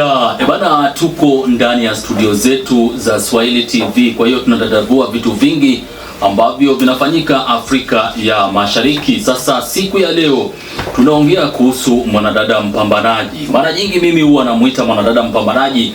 Ya, ebana eh, tuko ndani ya studio zetu za Swahili TV, kwa hiyo tunadadavua vitu vingi ambavyo vinafanyika Afrika ya Mashariki. Sasa siku ya leo tunaongea kuhusu mwanadada mpambanaji. Mara nyingi mimi huwa namuita mwanadada mpambanaji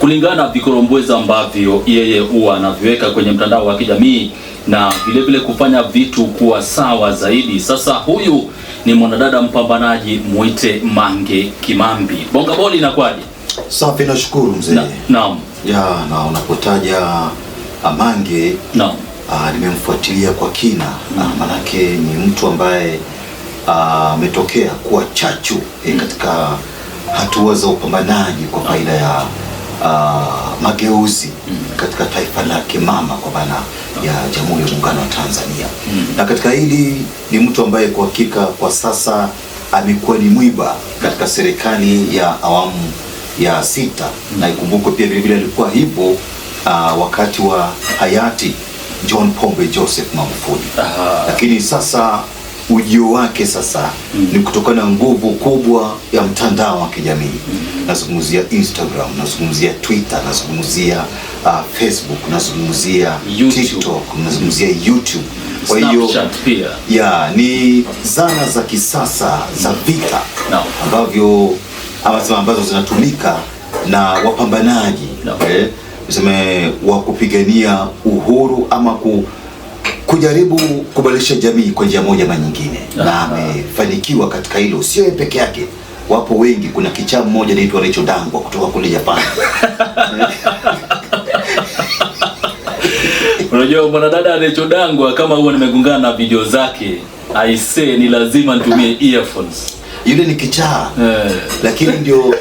kulingana na vikorombweza ambavyo yeye huwa anaviweka kwenye mtandao wa kijamii na vilevile kufanya vitu kuwa sawa zaidi. Sasa huyu ni mwanadada mpambanaji, muite Mange Kimambi. Bonga boli Safi, nashukuru mzee. Naam. Ya, na unapotaja Amange naam, ah, nimemfuatilia kwa kina na mm. ah, Manake ni mtu ambaye ah, ametokea kuwa chachu eh, mm. katika hatua za upambanaji kwa faida ya Uh, mageuzi mm. katika taifa lake mama kwa maana ya Jamhuri ya Muungano wa Tanzania mm. na katika hili ni mtu ambaye kwa hakika kwa sasa amekuwa ni mwiba katika serikali ya awamu ya sita, na ikumbukwe pia vilevile alikuwa hivyo uh, wakati wa hayati John Pombe Joseph Magufuli. Lakini sasa ujio wake sasa mm. ni kutokana na nguvu kubwa ya mtandao wa kijamii mm. nazungumzia Instagram, nazungumzia Twitter, nazungumzia uh, Facebook, nazungumzia TikTok, nazungumzia YouTube. Kwa hiyo ya ni zana za kisasa za vita no. ambavyo ama ambazo zinatumika na wapambanaji no. eh, wa kupigania uhuru ama ku, kujaribu kubadilisha jamii kwa njia moja ama nyingine na amefanikiwa katika hilo, sio yeye peke yake wapo wengi. Kuna kichaa mmoja anaitwa Rachel Dangwa kutoka kule Japan. Unajua mwanadada Rachel Dangwa, kama huwa nimegungana na video zake, say ni lazima nitumie earphones yule ni kichaa eh, lakini ndio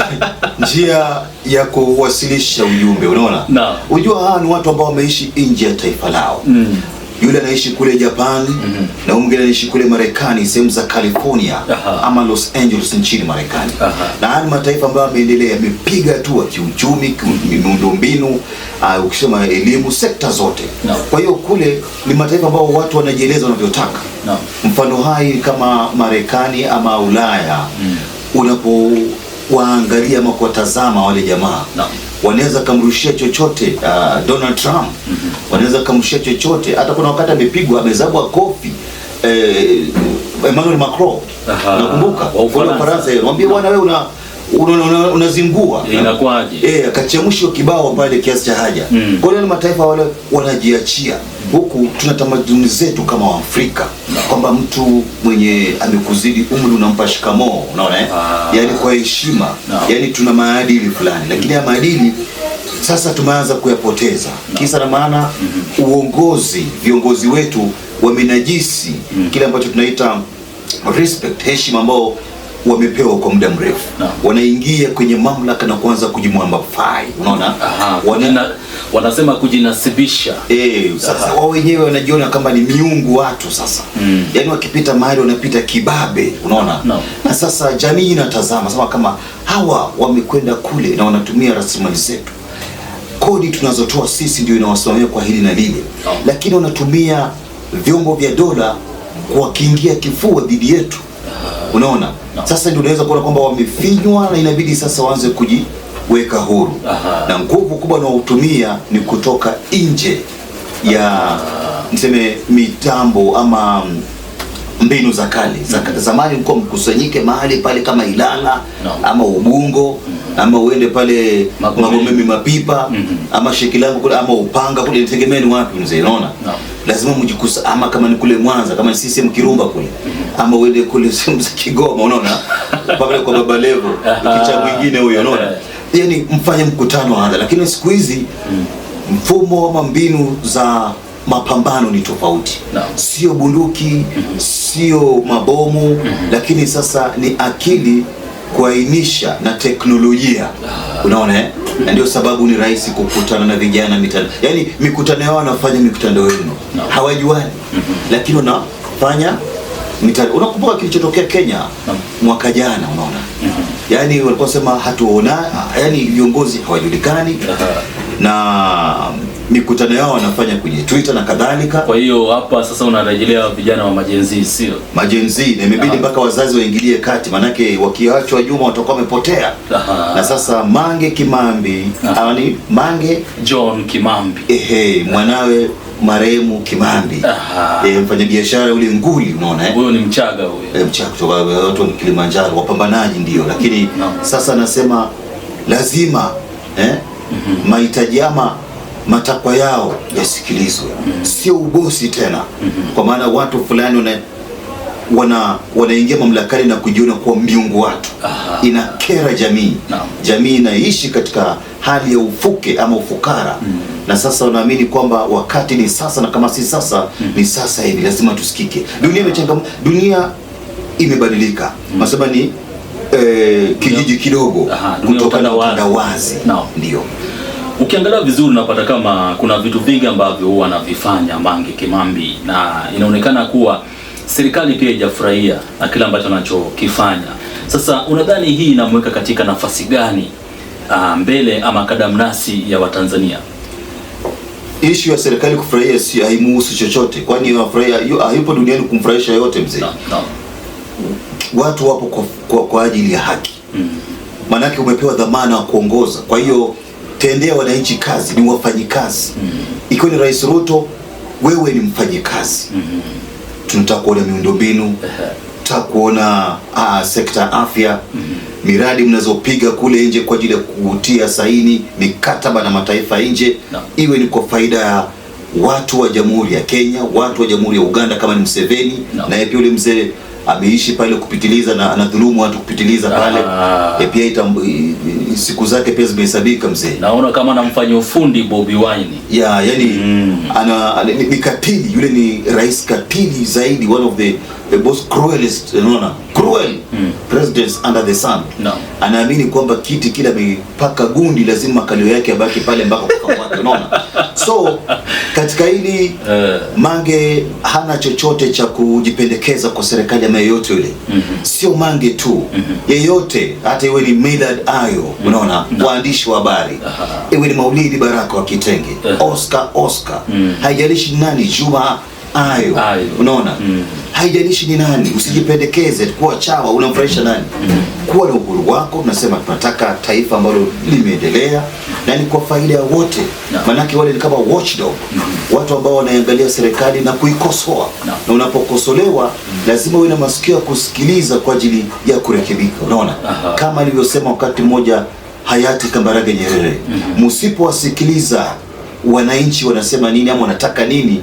njia ya kuwasilisha ujumbe. Unaona, unajua hawa ni watu ambao wameishi nje ya taifa lao mm yule anaishi kule japan mm -hmm. na mwingine anaishi kule Marekani, sehemu za California Aha. ama Los Angeles nchini Marekani, na haya mataifa ambayo yameendelea yamepiga hatua kiuchumi, mhm. miundombinu uh, ukisema elimu, sekta zote no. kwa hiyo kule ni mataifa ambayo watu wanajieleza wanavyotaka no. mfano hai kama Marekani ama Ulaya mm. unapowaangalia ama kuwatazama wale jamaa no wanaweza kamrushia chochote uh, Donald Trump mm -hmm. wanaweza kamrushia chochote hata kuna wakati amepigwa amezabwa kofi eh, Emmanuel Macron nakumbuka wa Ufaransa mwambie bwana wewe una unazingua eh, eh akachemshwa kibao pale kiasi cha haja mm. Kwa hiyo mataifa wale wanajiachia, huku tuna tamaduni zetu kama Waafrika kwamba mtu mwenye amekuzidi umri unampa shikamoo, unaona eh? Ah. yani kwa heshima, yani tuna maadili fulani, lakini haya maadili sasa tumeanza kuyapoteza kisa na maana mm -hmm. Uongozi, viongozi wetu wamenajisi mm -hmm. kile ambacho tunaita respect, heshima ambao wamepewa kwa muda mrefu no. Wanaingia kwenye mamlaka na kuanza kujimwamba fai, unaona wanasema kujinasibisha. Eh, sasa wao wenyewe wanajiona kama ni miungu watu sasa. Mm. Yaani wakipita mahali wanapita kibabe, unaona? No. Na sasa jamii inatazama sema kama hawa wamekwenda kule na wanatumia rasilimali zetu. Kodi tunazotoa sisi ndio inawasimamia kwa hili na lile. No. Lakini wanatumia vyombo vya dola kuwakiingia kifua dhidi yetu. Unaona? No. Sasa ndio unaweza kuona kwamba wamefinywa na inabidi sasa waanze kuji kuweka huru. Aha. Na nguvu kubwa unaotumia ni kutoka nje ya niseme mitambo ama mbinu za kale mm. Zamani mko mkusanyike mahali pale kama Ilala no. ama Ubungo mm. ama uende pale Magomeni Mapipa mm -hmm. ama Shekilango kule ama Upanga kule, nitegemea ni wapi mzee, unaona no. lazima mjikusa, ama kama ni kule Mwanza kama ni CCM Kirumba kule mm -hmm. ama uende kule sehemu za Kigoma, unaona pale kwa Baba Levo kicha mwingine huyo, unaona eh yani mfanye mkutano hadha, lakini siku hizi mm. mfumo ama mbinu za mapambano ni tofauti no. Sio bunduki mm -hmm. Sio mabomu mm -hmm. Lakini sasa ni akili kuainisha na teknolojia ah. Unaona eh? na ndio sababu ni rahisi kukutana na vijana mitandao, yaani mikutano yao wanafanya mikutano yenu no. Hawajuani mm -hmm. Lakini wanafanya mitandao. Unakumbuka kilichotokea Kenya no. mwaka jana, unaona yani walikuwa sema hatuona, yani viongozi hawajulikani na mikutano yao wanafanya kwenye Twitter na kadhalika. Kwa hiyo hapa sasa unarejelea vijana wa majenzi, sio majenzi, na imebidi mpaka wazazi waingilie kati, manake wakiachwa Juma watakuwa wamepotea. Na sasa Mange Kimambi, yani ah, Mange John Kimambi, ehe, mwanawe marehemu Kimambi e, mfanyabiashara ule nguli, unaona eh, huyo ni Mchaga huyo e, Mchaga kutoka watu wa Kilimanjaro, wapambanaji ndio, mm. lakini no. Sasa nasema lazima eh, mm -hmm. mahitaji ama matakwa yao yasikilizwe, mm -hmm. sio ubosi tena, mm -hmm. kwa maana watu fulani wana wanaingia mamlakani na kujiona kuwa miungu watu. Inakera jamii no. Jamii inaishi katika hali ya ufuke ama ufukara mm. Na sasa wanaamini kwamba wakati ni sasa, na kama si sasa mm. ni sasa hivi, lazima tusikike. Dunia imechangam, dunia imebadilika mm. nasema ni eh, kijiji kidogo kutoka na wazi no. Ndio ukiangalia vizuri unapata kama kuna vitu vingi ambavyo wanavifanya Mange Kimambi na inaonekana kuwa serikali pia haijafurahia na kile ambacho anachokifanya. Sasa unadhani hii inamweka katika nafasi gani uh, mbele ama kadamnasi ya Watanzania? Ishu ya serikali kufurahia si haimuhusu chochote, kwani wafurahia hayupo duniani kumfurahisha yote mzee. No, no. Watu wapo kwa, kwa, kwa ajili ya haki mm. Maanake umepewa dhamana wa kuongoza, kwa hiyo tendea wananchi kazi, ni wafanyikazi mm. Ikiwa ni Rais Ruto, wewe ni mfanyikazi mm tunataka kuona miundombinu, tunataka kuona ah, sekta ya afya mm -hmm. miradi mnazopiga kule nje kwa ajili ya kutia saini mikataba na mataifa nje no. iwe ni kwa faida ya watu wa Jamhuri ya Kenya, watu wa Jamhuri ya Uganda kama ni Museveni no. na pia yule mzee ameishi pale kupitiliza na anadhulumu watu kupitiliza pale ah. e, pia ita, siku zake pia zimehesabika mzee. Naona kama anamfanya ufundi Bobby Wine. Ya, yani mm. ana, ana, ni, ni katili yule, ni rais katili zaidi, one of the, the most cruelest, unaona cruel mm. presidents under the sun no. Anaamini kwamba kiti kila amepaka gundi lazima makalio yake abaki pale mpaka kufa kwake, unaona So katika hili uh, Mange hana chochote cha kujipendekeza kwa serikali ama yeyote yule mm -hmm. Sio Mange tu mm -hmm. Yeyote hata iwe ni Medard Ayo mm -hmm. Unaona no. Mhm. Waandishi wa habari iwe uh -huh. ni Maulidi Baraka wa Kitenge uh eh. -huh. Oscar Oscar mm -hmm. Haijalishi nani Juma Ayo, ayo. Unaona mm. Haijalishi ni nani, usijipendekeze kuwa chawa, unamfurahisha nani? mm. Kuwa na uhuru wako. Tunasema tunataka taifa ambalo limeendelea na ni kwa faida ya wote no. Maanake wale ni kama watchdog mm -hmm. Watu ambao wanaangalia serikali na kuikosoa no. Na unapokosolewa mm -hmm. Lazima uwe na masikio ya kusikiliza kwa ajili ya kurekebika, unaona kama alivyosema wakati mmoja hayati Kambarage Nyerere, mm-hmm. msipowasikiliza mm -hmm. wananchi wanasema nini ama wanataka nini,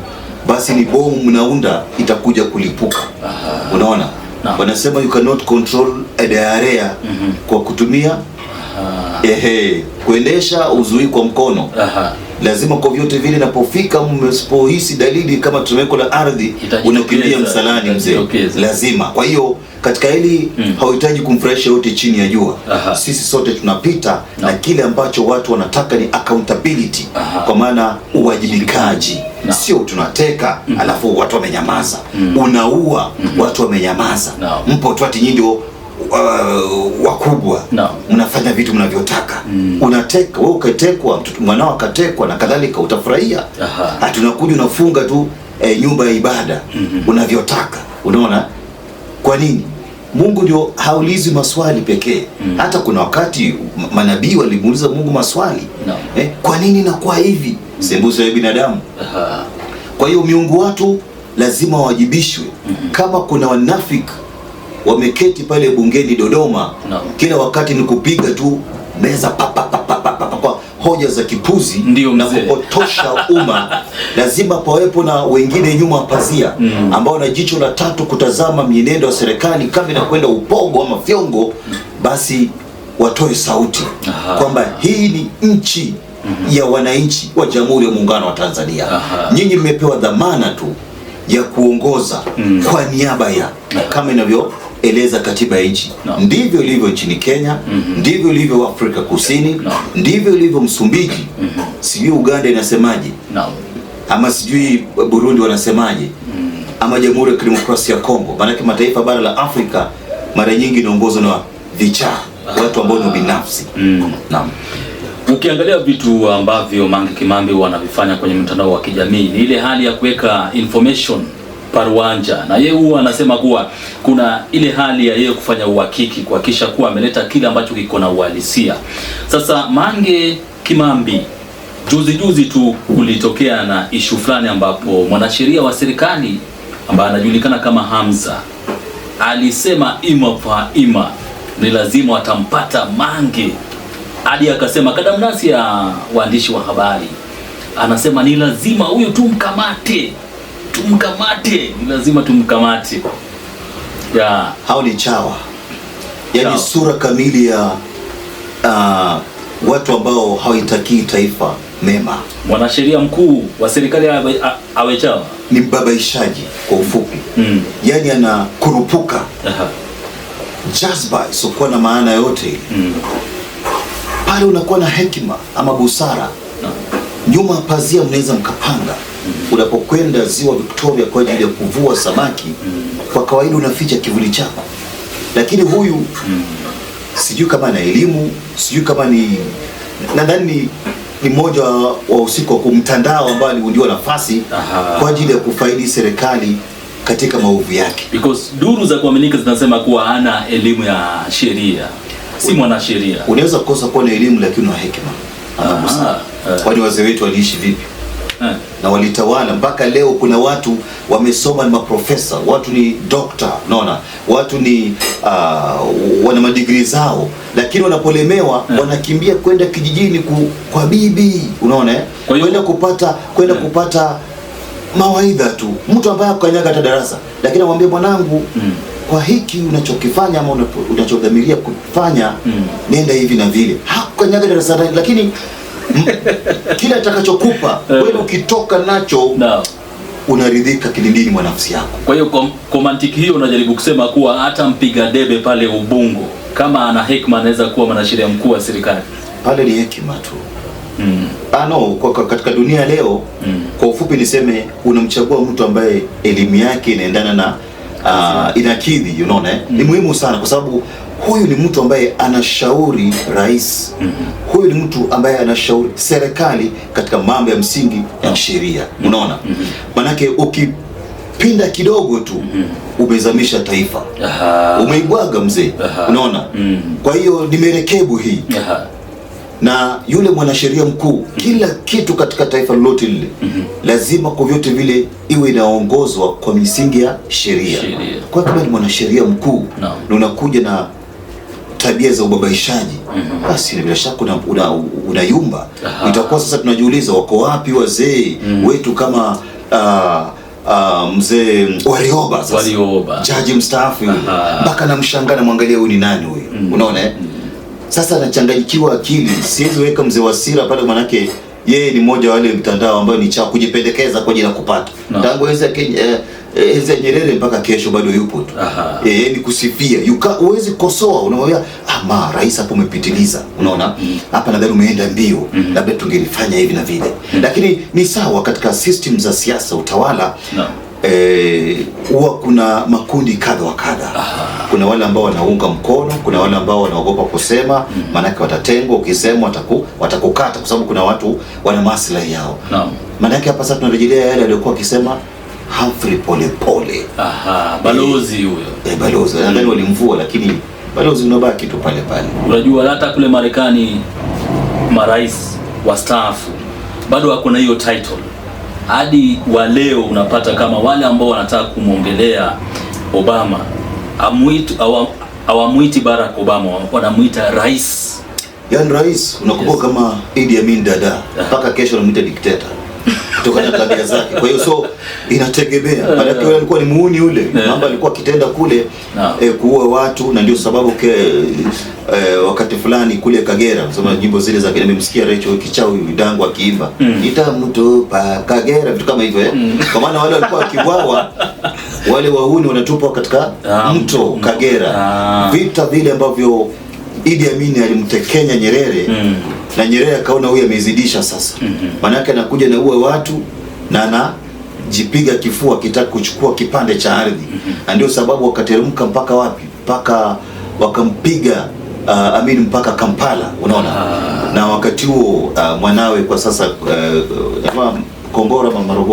basi ni bomu mnaunda itakuja kulipuka. Unaona no. Wanasema you cannot control a diarrhea mm -hmm. kwa kutumia ehe, kuendesha uzui kwa mkono Aha. Lazima kwa vyote vile napofika, msipohisi dalili kama tetemeko la ardhi, unakimbia msalani mzee, lazima. Kwa hiyo katika hili mm. hauhitaji kumfurahisha yote chini ya jua. Sisi sote tunapita no. na kile ambacho watu wanataka ni accountability Aha. kwa maana uwajibikaji no. sio tunateka mm. alafu watu wamenyamaza mm. unaua mm -hmm. watu wamenyamaza no. mpo twati nyindio uh, wakubwa no. Mnafanya vitu mnavyotaka mm. Unateka wewe, ukatekwa mtoto mwanao akatekwa na kadhalika, utafurahia? Hatunakuja ah, unafunga tu eh, nyumba ya ibada mm -hmm. Unavyotaka. Unaona kwa nini? Mungu ndio haulizi maswali pekee mm. Hata kuna wakati manabii walimuuliza Mungu maswali no. Eh, kwa nini nakuwa hivi mm. Sembuse ya binadamu Aha. Kwa hiyo miungu watu lazima wawajibishwe mm -hmm. Kama kuna wanafiki wameketi pale bungeni Dodoma no. Kila wakati ni kupiga tu meza pa pa, pa, kwa hoja za kipuzi ndiyo, na kupotosha umma. Lazima pawepo na wengine nyuma pazia mm. ambao na jicho la tatu kutazama mienendo ya serikali, kama inakwenda upogo ama fyongo, basi watoe sauti kwamba hii ni nchi mm -hmm. ya wananchi wa Jamhuri ya Muungano wa Tanzania. Nyinyi mmepewa dhamana tu ya kuongoza mm. kwa niaba ya kama inavyo eleza katiba ya nchi no. Ndivyo ilivyo nchini Kenya mm -hmm. Ndivyo ilivyo Afrika Kusini no. Ndivyo ilivyo Msumbiji mm -hmm. Sijui Uganda inasemaje no. Ama sijui Burundi wanasemaje mm -hmm. Ama Jamhuri ya Kidemokrasia ya Kongo, maanake mataifa bara la Afrika mara nyingi inaongozwa na vichaa ah. watu ambao ni binafsi mm. Naam. Ukiangalia vitu ambavyo Mange Kimambi wanavifanya kwenye mtandao wa kijamii ni ile hali ya kuweka information Paruanja, na yeye huwa anasema kuwa kuna ile hali ya yeye kufanya uhakiki kuhakikisha kuwa ameleta kile ambacho kiko na uhalisia. Sasa Mange Kimambi juzi juzi tu kulitokea na ishu fulani ambapo mwanasheria wa serikali ambaye anajulikana kama Hamza alisema ima fa ima ni lazima atampata Mange, hadi akasema kadamnasi ya waandishi wa habari, anasema ni lazima huyo tu mkamate tumkamate, ni lazima tumkamate. Yeah. Hao ni chawa, yaani sura kamili ya uh, watu ambao hawaitakii taifa mema. Mwanasheria mkuu wa serikali awe chawa, ni mbabaishaji kwa ufupi mm. Yaani anakurupuka jazba isiokuwa na maana yote mm. Pale unakuwa na hekima ama busara no. Ah. Nyuma pazia mnaweza mkapanga unapokwenda ziwa Victoria kwa ajili ya kuvua samaki, kwa kawaida unaficha kivuli chako, lakini huyu sijui kama ana elimu, sijui kama ni nadhani ni mmoja wa usiku wa kumtandao ambao aliundiwa nafasi kwa ajili ya kufaidi serikali katika maovu yake, because duru za kuaminika zinasema kuwa hana elimu ya sheria, si mwanasheria. Unaweza kukosa kuwa na elimu, lakini una hekima. Wani wazee wetu waliishi vipi? Aha. Eh na walitawala mpaka leo. Kuna watu wamesoma, ni maprofesa, watu ni dokta, naona watu ni uh, wana madigri zao, lakini wanapolemewa yeah. wanakimbia kwenda kijijini ku, kwa bibi, unaona kwenda kupata kwenda yeah. kupata mawaidha tu, mtu ambaye akanyaga hata darasa, lakini anamwambia mwanangu, mm. kwa hiki unachokifanya ama unachodhamiria kufanya mm. nenda hivi na vile, hakukanyaga darasa lakini Hmm? kile atakachokupa eh. wewe ukitoka nacho no unaridhika kilindini mwa nafsi yako. Kwa hiyo kwa mantiki hiyo unajaribu kusema kuwa hata mpiga debe pale Ubungo kama ana hekima anaweza kuwa mwanasheria mkuu wa serikali pale, ni hekima tu mm. Ano, ah, kwa katika dunia leo mm. Kwa ufupi niseme unamchagua mtu ambaye elimu yake inaendana na uh, inakidhi, unaona you know, mm. Ni hmm. muhimu sana kwa sababu huyu ni mtu ambaye anashauri rais. mm -hmm. Huyu ni mtu ambaye anashauri serikali katika mambo ya msingi ya yeah. Mhm. sheria. mm -hmm. Unaona, mhm. manake mm -hmm. ukipinda kidogo tu mm -hmm. umezamisha taifa, umeibwaga mzee. Unaona, mm -hmm. kwa hiyo ni merekebu hii. Aha na yule mwanasheria mkuu, mhm. kila kitu katika taifa lolote lile mm -hmm. lazima kwa vyote vile iwe inaongozwa kwa misingi ya sheria. Kwa kama ni mwanasheria mkuu no. na unakuja na tabia za ubabaishaji, mhm. basi bila shaka unayumba. Itakuwa sasa tunajiuliza wako wapi wazee mhm. wetu kama Uh, mzee Warioba sasa, Warioba jaji mstaafu mpaka namshangaa, namwangalia huyu ni nani huyu? mm. Unaona eh? mhm. sasa anachanganyikiwa akili. Siwezi weka mzee Wasira pale, manake yeye ni mmoja wa wale mtandao ambayo ni cha kujipendekeza kwa ajili ya kupata tangu eh, Eh, Eza Nyerere mpaka kesho bado yupo tu. E, ni kusifia. uwezi kosoa, unamwambia ah, ma rais hapo umepitiliza. Unaona? Mm-hmm. Hapa nadhani umeenda mbio. Mm. Labda tungelifanya hivi na vile. Mm. Lakini ni sawa katika system za siasa, utawala No. Eh, huwa kuna makundi kadha wa kadha. Kuna wale ambao wanaunga mkono, kuna wale ambao wanaogopa kusema, maana mm. watatengwa, ukisema wataku, watakukata kwa sababu kuna watu wana maslahi yao. Naam. Maana hapa sasa tunarejelea yale aliyokuwa akisema Humphrey Polepole. Aha, balozi eh, huyo. Eh, balozi nadhani walimvua, lakini balozi unabaki tu pale pale. Unajua hata kule Marekani marais wastaafu bado na hiyo title hadi wa leo. Unapata kama wale ambao wanataka kumwongelea Obama amuitu, awamwiti Barack Obama, wanamwita rais, yaani rais. Unakumbuka yes. Kama Idi Amin Dada eh. mpaka kesho anamwita dictator kutokana na tabia zake. Kwa hiyo so inategemea, eh. maanake yule alikuwa ni muuni yule eh. mambo alikuwa akitenda kule e, kuua watu, na ndio sababu ke, e, wakati fulani kule Kagera sema nyimbo zile za nimemsikia Recho Kichau Dangu akiimba mm. itamtupa Kagera, vitu kama hivyo mm. kwa maana wale walikuwa wakiwawa wale wahuni wanatupwa katika ah, mto Kagera ah. vita vile ambavyo Idi Amin alimtekenya Nyerere mm. na Nyerere akaona huyu amezidisha sasa mm -hmm. anakuja na uwe watu na anajipiga kifua akitaka kuchukua kipande cha ardhi mm -hmm. na ndio sababu wakateremka mpaka wapi, mpaka wakampiga uh, Amin mpaka Kampala, unaona ah. na wakati huo uh, mwanawe kwa sasa uh, uh Kombora Mama